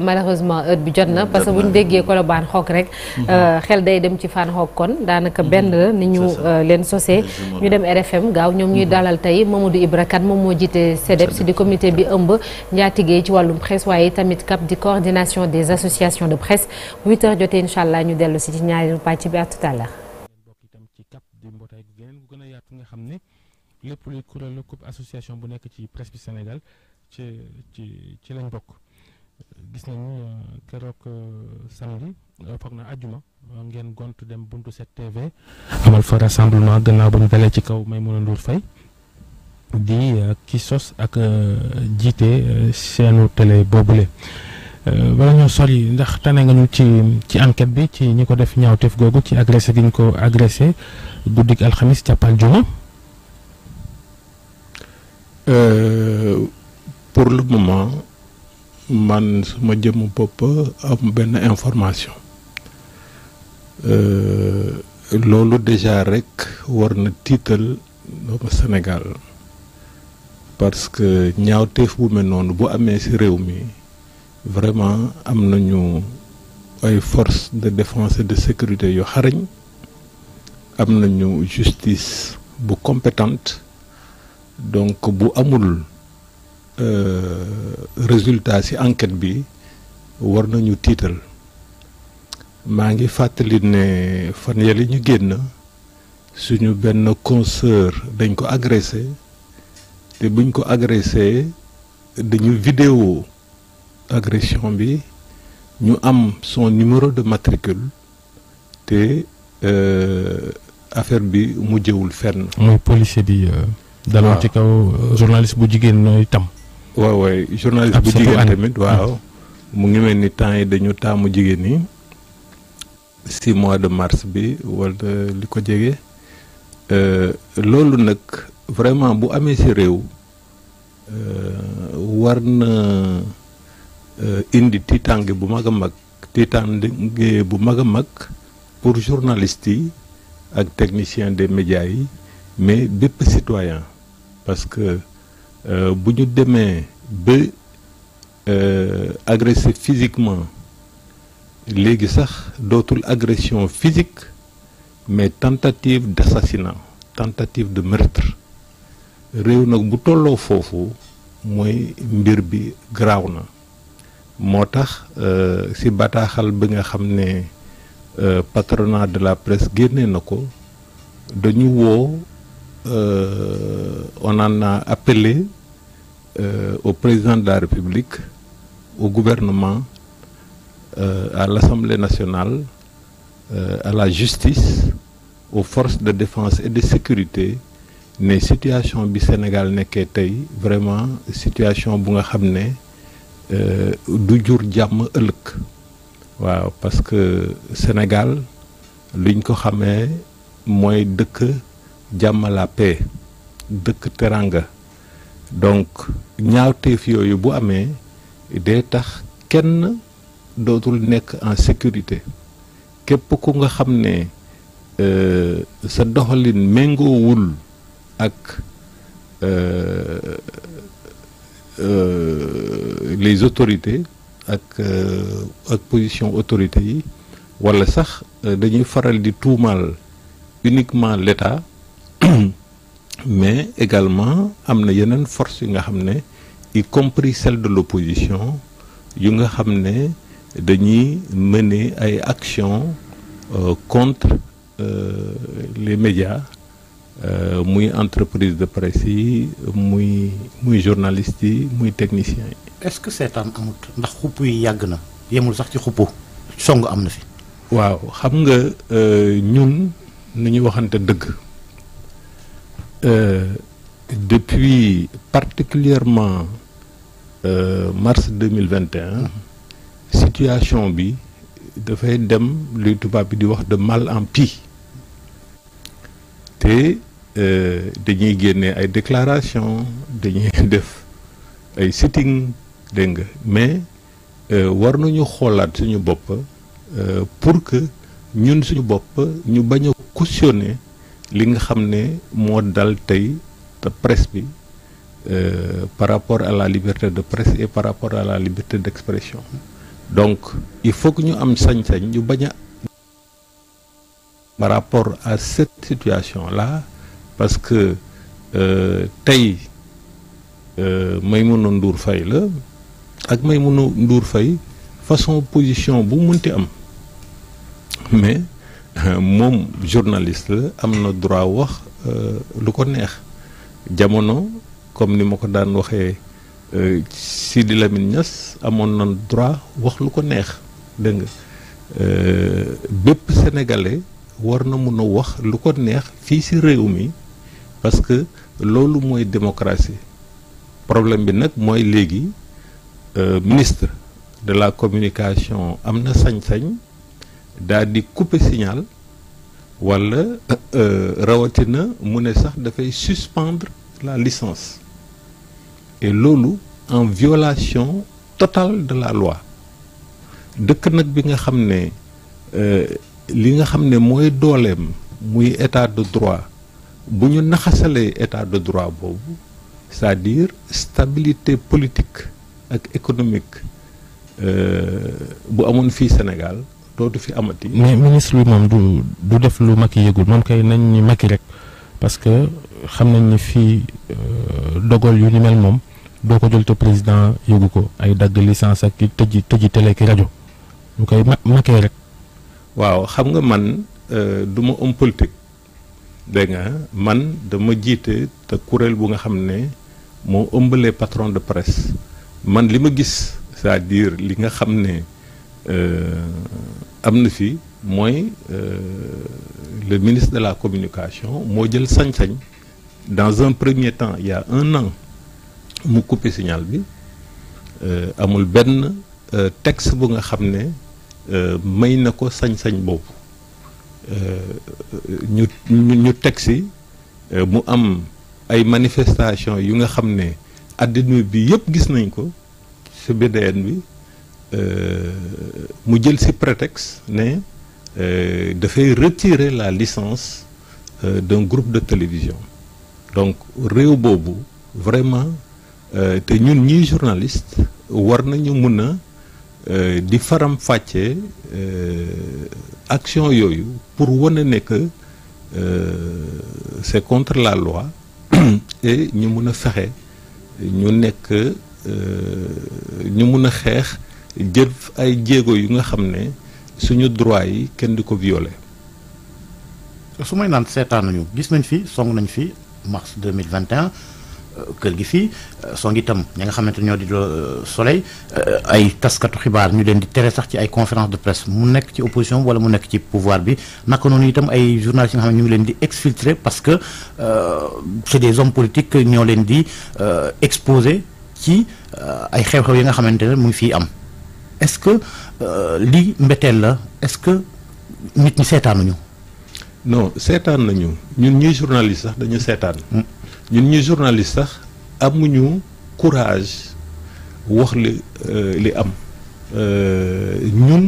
malheureusement heure bi jot na parce que bu ñu déggee Colobane xoog rek mhm. euh, xel day dem ci fan xoog kon daanaka mhm. benn ni ñu euh, leen sosee ñu dem RFM gaaw ñoom ñuy mhm. dalal tey Mamadou Ibra Kane moom moo jiite CDEPS di comité bi ëmb njaatigee ci wàllum presse waaye tamit CAP di coordination des associations de presse bu huit heures jotee incha allah ñu dellu si ci ñaareelu pàcc bi à tout à l'heure bokk itam ci CAP di mbootaay gu geneen gu gën a yaatu nga xam ne lépp luy kuréelu association bu nekk ci presse bi Sénégal ci ci ci lañ bokk gis nañu euh, keroog euh, samedi euh, foog na àjjuma ngeen gont dem buntu 7TV amal fa rassemblement gannaaw ba ñu dalee ci kaw may Maimouna Ndour Faye di ki sos ak jiite seenu télé boobule. wala ñoo sori ndax tane nga ñu ci ci enquête bi ci ñi ko def ñaawteef googu ci agressé gi ko agressé guddik alxamis jàppal juma. le moment. man ma jëm bopp am benn information euh, loolu déjà rekk war na tiital doomu Sénégal parce que ñaawteef bu mel noonu bu amee si réew mi vraiment am nañu ay forces de défense et de sécurité yu xarañ am nañu justice bu compétente donc bu amul. Euh, résultat ci enquête bi war nañu tiital maa ngi fàttali ne fan yële ñu génn suñu benn consoeur dañ ko agressé te buñ ko agressé dañu vidéo agression bi ñu am son numéro de matricule te euh, affaire bi mujjewul fenn. mooy policier bi. Euh, daloon ci kaw journaliste bu jigéen itam. waaw waay journaliste bu jigéen tamit waaw mu ngi mel ni temps yi dañu taamu jigéen ñi si mois de mars bi wala li ko jege euh, loolu nag vraiment bu amee si réew euh, war na euh, indi tiitaange bu mag a mag tiitaange bu mag a mag pour journalistes yi ak techniciens des médias yi mais bépp citoyen parce Euh, bu ñu demee ba euh, agressé physiquement léegi sax dootul agression physique mais tentative d'assassinat tentative de meurtre réew nag bu tolloo foofu mooy mbir bi graaw na moo tax euh, ci bataaxal bi nga xam ne patronat de la presse génnee na ko dañu woo euh, on en a appelé euh, au président de la République, au gouvernement, euh, à l'Assemblée nationale, euh, à la justice, au force de défense et de sécurité ne situation bi Sénégal nekkee tey vraiment situation bu nga xam ne euh, du jur jàmm ëllëg waaw parce que Sénégal liñ ko xamee mooy dëkk. jàmm la paix dëkk teranga donc ñaawteef yooyu bu amee day tax kenn dootul nekk en sécurité képp ku nga xam ne euh, sa doxalin méngoowul ak euh, euh, les autorités ak ak position autorité yi wala sax dañuy faral di tuumaal uniquement l'État mais également am na yeneen force yu nga xam ne y compris celle de l'opposition yu nga xam ne dañuy mener ay actions euh, contre euh, les médias euh, muy entreprise de presse yi muy muy journalistes yi muy techniciens yi. est-ce que seetaan amut ndax xupp yi yàgg na yemul sax ci xuppu song am na fi. waaw xam nga euh, ñun nañu waxante dëgg. euh, depuis particulièrement euh, mars 2021 mm-hmm. situation bi dafay dem luy tubaab bi di wax de mal en pi te euh, dañuy génne ay déclaration dañuy def ay sitting dégg nga mais euh, war nañu xoolaat suñu bopp euh, pour que ñun suñu bopp ñu bañ a cautionner li nga xam ne moo dal tey te presse bi euh, par rapport à la liberté de presse et par rapport à la liberté d'expression donc il faut que ñu am sañ-sañ ñu bañ par rapport à cette situation là parce que euh, tey euh, Maïmouna Ndour fay la ak may Maïmouna Ndour fay façon position bu munti am mais moom journaliste la am na droit wax euh, lu ko neex jamono comme ni ma ko daan waxee euh, Sidi Lamine Niass amoon na droit wax lu ko neex dégg nga euh, bépp sénégalais war na mun a wax lu ko neex fii si réew mi parce que loolu mooy démocratie problème bi nag mooy léegi ministre de la communication am na sañ-sañ. daal di couper signal wala euh, na mu ne sax dafay suspendre la licence et loolu en violation totale de la loi dëkk nag bi nga xam ne euh, li nga xam ne mooy dooleem muy état de droit bu ñu naxasalee état de droit boobu c'est-à-dire stabilité politique ak économique euh, bu amoon fii Sénégal dootu fi amati. mais ministre bi moom du du def lu Macky yëgul moom kay nañ ni Macky rek parce que xam nañ ni fii euh, dogal yu ni mel moom doo ko jël te président yëgu ko ay dagg licence ak ki tëji tëji télé ki rajo ñu koy Macky rek. waaw xam nga man euh, du ma homme politique dégg man dama jiite te kuréel bu nga xam ne moo ëmb les de presse man li ma gis cest à li nga xam ne. Euh, am na fi mooy euh, le ministre de la communication moo jël sañ-sañ dans un premier temps il un an mu coupé signal bi euh, amul benn euh, texte bu nga xam ne may na ko sañ-sañ boobu ñu ñu teg si mu am ay manifestation yu nga xam ne àddina bi yëpp gis nañ ko ci BDN bi Euh, mu jël ci prétexte ne euh, dafay retirer la licence euh, d'un groupe de télévision donc réew boobu vraiment te ñun ñi journaliste war nañu mun a di faram fàccee action yooyu pour wane nekk que c'est contre la loi et ñu mun a fexe ñu nekk ñu mun a xeex jël ay jéego yu nga xam ne suñu droit yi kenn du ko violé. su may naan seetaan nañu gis nañ fi song nañ fi mars 2021 euh, kër gi fii euh, song itam nga xamante ñoo di Le euh, Soleil ay taskatu xibaar ñu leen di tere sax ci ay conférence de presse mu nekk ci opposition wala mu nekk ci pouvoir bi naka noonu itam ay journalistes yi nga xam ne ñu ngi leen di exfiltrer parce que c'est des hommes politique ñoo leen di exposer ci ay xew-xew yi nga xamante ne mu ngi fii am. est-ce que euh, li mbeteel la est-ce que nit ñi seetaanuñu. no seetaan nañu ñun ñuy journaliste sax dañu seetaan. Mm. ñun ñuy journaliste sax amuñu courage wax li euh, li am euh, ñun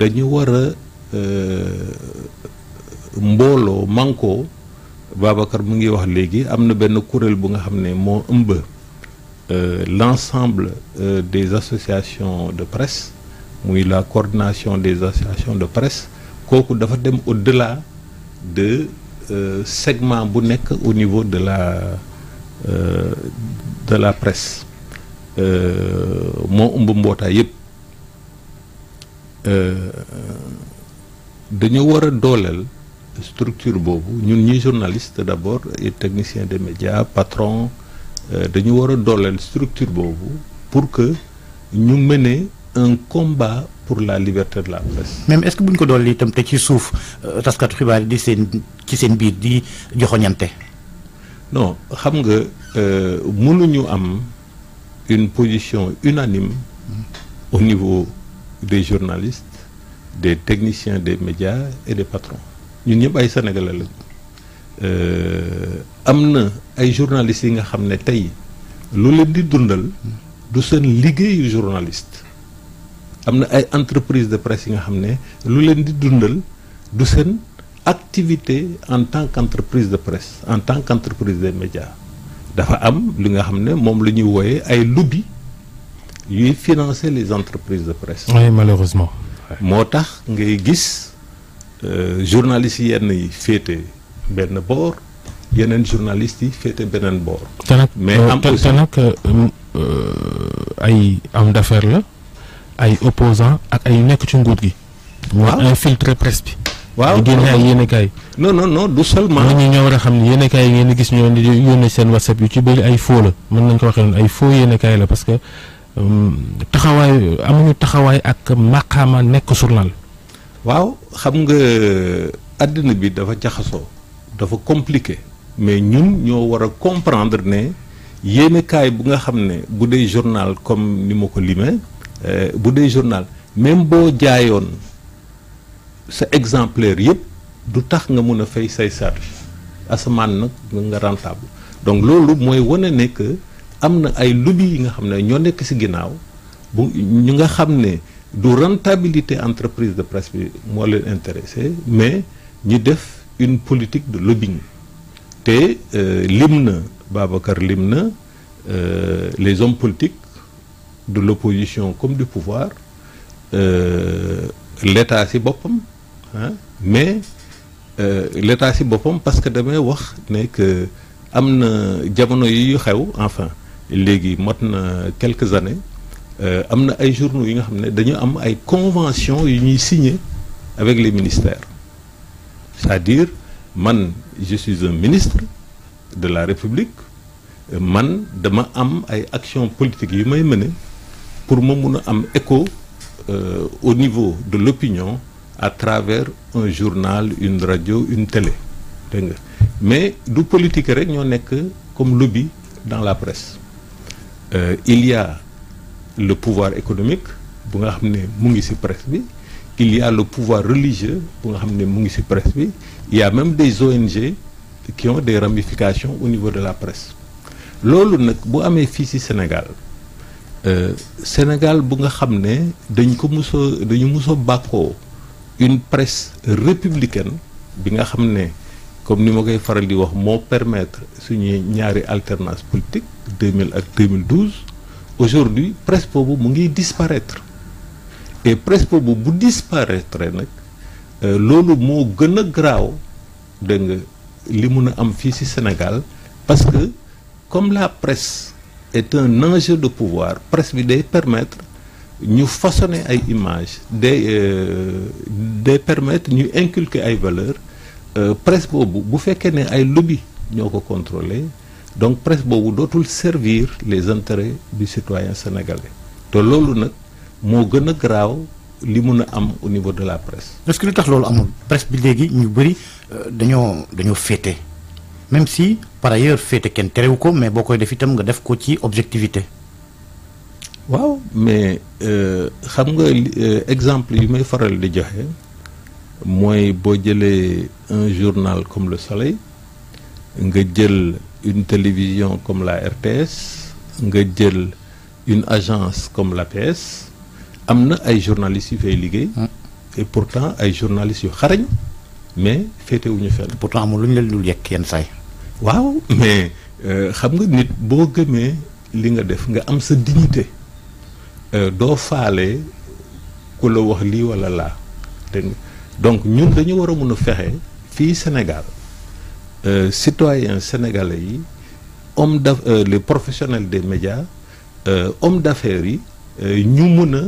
dañu war a mbooloo mànkoo Babacar mu ngi wax léegi am na benn kuréel bu nga xam ne moo ëmb. euh, l'ensemble euh, des associations de presse muy la coordination des associations de presse kooku dafa dem au-delà de euh, segment bu nekk au niveau de la euh, de la presse euh, moo ëmb mbootaay yépp dañoo war a dooleel structure boobu ñun ñuy journaliste d'abord et technicien des médias patron Euh, dañu war a dooleel structure boobu pour que ñu mener un combat pour la liberté de la presse. même est-ce que bu ñu ko dooleel itam te ci suuf euh, taskatu xibaar yi di seen ci seen biir di joxoñante. non xam nga euh, mënuñu am une position unanime au niveau des journalistes des techniciens des médias et des patron ñun ñëpp ay sénégalais lañu. Euh, am na ay journalistes yi nga xam ne tey lu leen di dundal du seen liggéeyu journaliste am na ay entreprise de presse yi nga xam ne lu leen di dundal du seen activité en tant qu'entreprise de presse en tant qu'entreprise des médias dafa am li nga xam ne moom lu ñuy wooyee ay lobby yuy financer les entreprises de presse. oui malheureusement. moo tax ngay gis euh, journalistes yenn yi féete. benn boor yeneen journalistes yi féete beneen boor. mais euh, am te nag euh, euh, ay am d'affaire la ay opposants ak ay nekk ci nguur gi. waaw infiltré presse bi. waaw di génne ay yéenekaay. non non non du seulement. ñooñu ñoo war a xam ne yéenekaay yi ngeen di gis ñoo di seen whatsapp yu ci bëri ay faux la mën nañ ko waxee noonu ay faux yéenekaay la parce que taxawaay amuñu taxawaay ak maqaama nekk journal. waaw xam nga àddina bi dafa jaxasoo. dafa compliqué mais ñun ñoo war a comprendre ne yéenekaay bu nga xam ne bu dee journal comme ni ma ko limee euh, bu dee journal même boo jaayoon sa exemplaire yëpp du tax nga mun a fay say charge asamaan nag nga rentable donc loolu mooy wane ne que am na ay lobby yi nga xam ne ñoo nekk ci ginnaaw bu ñu nga xam ne du rentabilité entreprise de presse bi moo leen intéressé mais ñu def une politique de lobbying te euh, lim na Babacar lim na euh, les hommes politiques de l'opposition comme du pouvoir euh, l'état ci boppam ah mais l'état ci boppam parce que damay wax ne que am na jamono yu xew enfin léegi mot na quelques années am na ay journaux yi nga xam ne dañu am ay convention yu ñuy signer avec les ministères c'est-à-dire man je suis ministre de la République man dama am ay actions politiques yu may mëne pour ma mun a am écho euh, au niveau de l'opinion à travers un journal une radio une télé dégg nga mais du politique rek ñoo nekk comme lobby dans la presse euh, il y a le pouvoir économique bu nga xam ne mu ngi si presse bi il y a le pouvoir religieux bu nga xam ne mu ngi si presse bi il a même des ONG qui ont des ramifications au niveau de la presse loolu nag bu amee fii si Sénégal euh, Sénégal bu nga xam ne dañ ko mus dañu mus a bàkkoo une presse républicaine bi nga xam ne comme ni ma koy faral di wax moo permettre suñuy ñaari alternance politique 2000 ak 2012 aujourd'hui presse boobu mu ngi disparaître et presse boobu bu disparaître nag euh, loolu moo gën a graw dégg nga li mun a am fii ci Sénégal parce que comme la presse est un enjeu de pouvoir presse bi day permettre ñu façonner ay images day euh, day permettre ñu inculquer ay valeurs euh, presse boobu bu fekkee ne ay lobby ñoo ko contrôler donc presse boobu dootul servir les intérêts du citoyen sénégalais te loolu nag. moo gën a garaaw li mun a am au niveau de la presse. est-ce que tax loolu amul presse bi léegi ñu bëri euh, dañoo dañoo féete même si par féete kenn terewu ko mais boo koy def itam nga def ko ci objectivité. waaw mais euh, xam nga euh, exemple yu may faral di joxe mooy boo jëlee un journal comme Le Soleil nga jël une télévision comme la RTS nga jël une agence comme la l'APS am na ay journalistes yu fay liggéey. Ah. et pourtant ay journalistes yu xarañ mais féetewuñu fenn. pourtant amul lu ñu leen dul yekk yenn saay waaw mais euh, xam nga nit boo gëmee li nga def nga am sa dignité euh, doo faale ku la wax lii walla laa dégg donc ñun dañu war a mun a fexe fii Sénégal euh, citoyens sénégalais yi hommes d'affaires les professionnels des médias hommes d'affaires yi ñu mun a.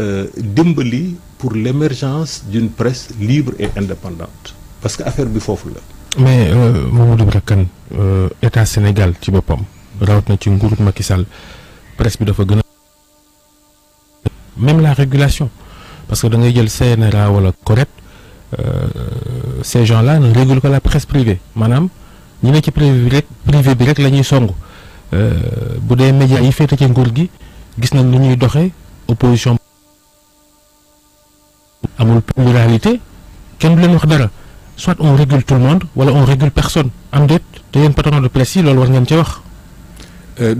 Euh, dimbali pour l'émergence d'une presse libre et indépendante parce que affaire bi foofu la. mais euh, Mamadou Ibra Kane euh, état Sénégal ci boppam rawatina ci nguurug Macky Sall bi dafa gën a. même la régulation parce que da ngay jël CNRA wala CORED ces gens là ne régulent que la presse privée maanaam ñi ne ci privé bi rek privé song bu dee médias yi féete ci nguur gi gis nañ lu ñuy doxee opposition. amul pluralité kenn du leen wax dara soit on régule tout le monde wala on régule personne am déet te yéen patron de presse yi loolu war ngeen ci wax. Euh,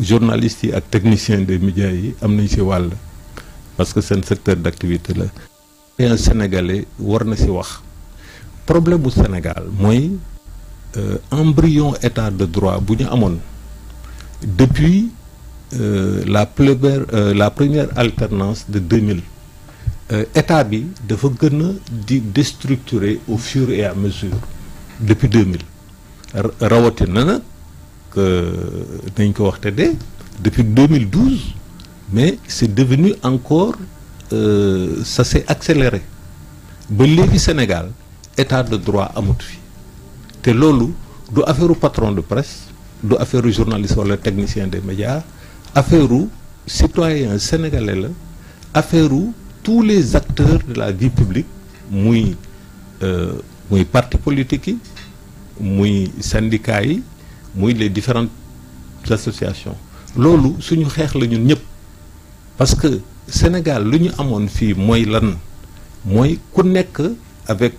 journalistes yi ak technicien des médias yi am nañ si wàll parce que seen secteur d'activité la. un sénégalais war na si wax problème bu Sénégal mooy euh, embryon état de droit bu ñu amoon depuis. Euh, la première euh, la première alternance de 2000 euh, état bi dafa gën a di destructurer au fur et à mesure depuis 2000 rawatina nag dañ ko wax te de depuis 2012 mais c'est devenu encore euh, ça s'est accéléré ba léegi Sénégal état de droit amut fi te loolu du affaire patron de presse du affaire journaliste wala technicien des médias affaire u citoyen sénégalais la affaire u tous les acteurs de la vie publique muy euh, muy parti politique yi muy syndicat yi muy les différentes associations loolu suñu xeex la ñun ñëpp parce que Sénégal lu ñu amoon fii mooy lan mooy ku nekk avec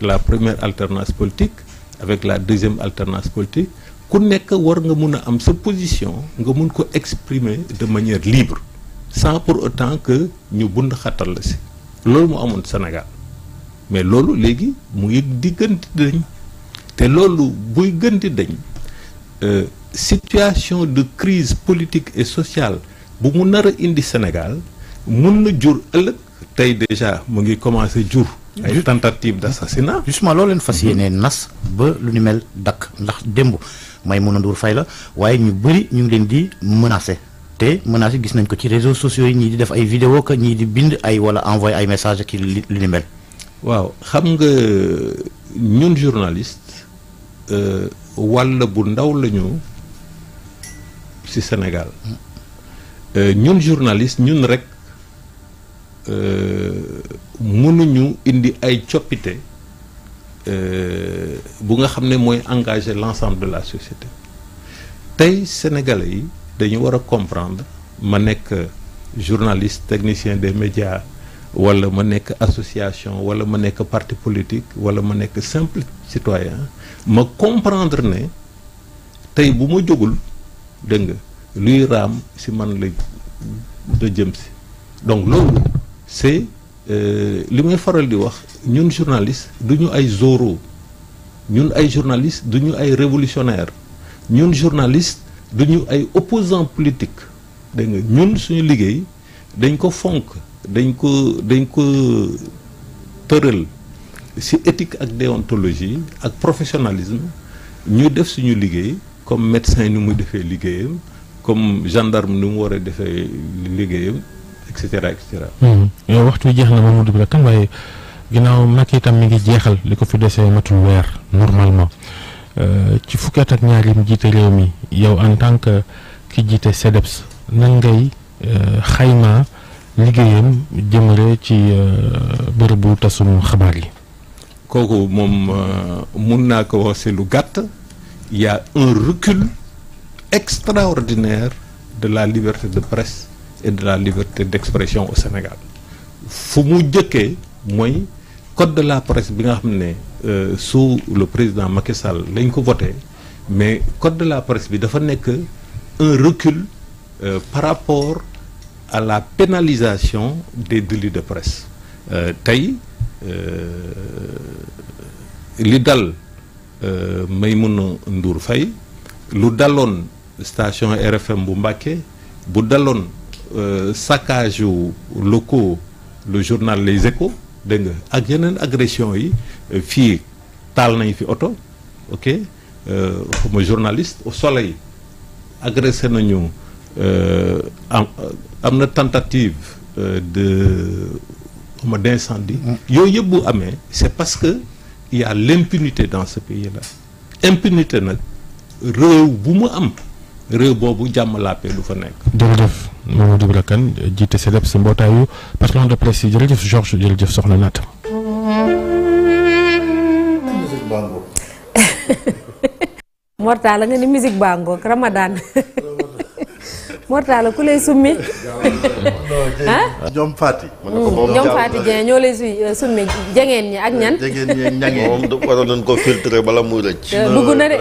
la première alternance politique avec la deuxième alternance politique ku nekk war nga mun a am sa position nga mun ko exprimer de manière libre sans pour autant que ñu bund xatal la si loolu mu amoon Sénégal mais loolu léegi mu yëg di gën te loolu buy gën di dañ euh, situation de crise politique et sociale bu mu nar indi Sénégal mun na jur ëllëg tey déjà mu ngi commencé jur ay tentative d'assassinat justement loolu leen fas yéenee nas ba lu ni mel dakk ndax démb na Ndour fay la waaye ñu bëri ñu ngi leen di menacé te menacé gis nañ ko ci réseaux sociaux yi ñii di def ay vidéo que ñii di bind ay wala envoyé ay message ki li li mel. waaw xam nga ñun journaliste euh, wàll bu ndaw la ñu ci Sénégal euh, ñun journaliste ñun rek euh, mënuñu indi ay coppite. Euh, bu nga xam ne mooy engager l'ensemble de la société tey sénégalais yi dañu war a comprendre ma nekk journaliste technicien des médias wala ma nekk association wala ma nekk parti politique wala ma nekk simple citoyen ma comprendre ne tey bu ma jógul dégg nga luy raam si man la jëm si donc loolu c'est Euh, li may faral di wax ñun journaliste du ñu ay zoro ñun ay journaliste duñu ñu ay révolutionnaire ñun journaliste du ñu ay opposant politique dégg nga ñun suñu liggéey dañ ko fonk dañ ko dañ ko tëral ci étique ak déontologie ak professionnalisme ñu def suñu liggéey comme médecin ni muy defee liggéeyam comme gendarme ni mu war a defee liggéeyam et cetera hmm. yow waxtu wi jeex na Mamadou Ibra Kane waaye ginnaaw Macky itam mi ngi jeexal li ko fi desee matul weer normalement euh, ci fukki at ak ñaar jiite réew mi yow en tant que ki jiite CDEPS nan ngay euh, xaymaa liggéeyam jëmale ci euh, bërëbu tasum xabaar yi. kooku moom mun naa ko wax si lu gàtt y un recul extraordinaire de la liberté de presse. et de la liberté d'expression au Sénégal fu mu jëkkee mooy code de la presse bi nga xam ne euh, sous le président Macky Sall lañ ko voté mais code de la presse bi dafa nekk un recul euh, par rapport à la pénalisation des délits de presse euh, tey euh, li dal may Maïmouna Ndour Faye lu daloon station RFM bu Mbacké bu daloon euh, saccage yu le journal Les Échos dégg nga ak yeneen agression yi euh, fii taal nañ fi oto ok xuma euh, journaliste au soleil agressé nañu euh, am euh, am na tentative de xuma d'incendie mm. yooyu yëpp bu amee c'est parce que il y l'impunité dans ce pays là impunité nag réew bu mu am réew boobu jàmm làppe du fa nekk. jërëjëf Mamadou Ibra Kane jiite CDEPS si mbootaayu patron de presse yi jërëjëf Georges jërëjëf soxna Naata. Mortala nga ni musique bango Ramadan Mortala ku lay euh, summi. jegeen ñi ak ñan. jegeen ñan moom waroon nañ ko filtrer bala muy rëcc. dugg na de.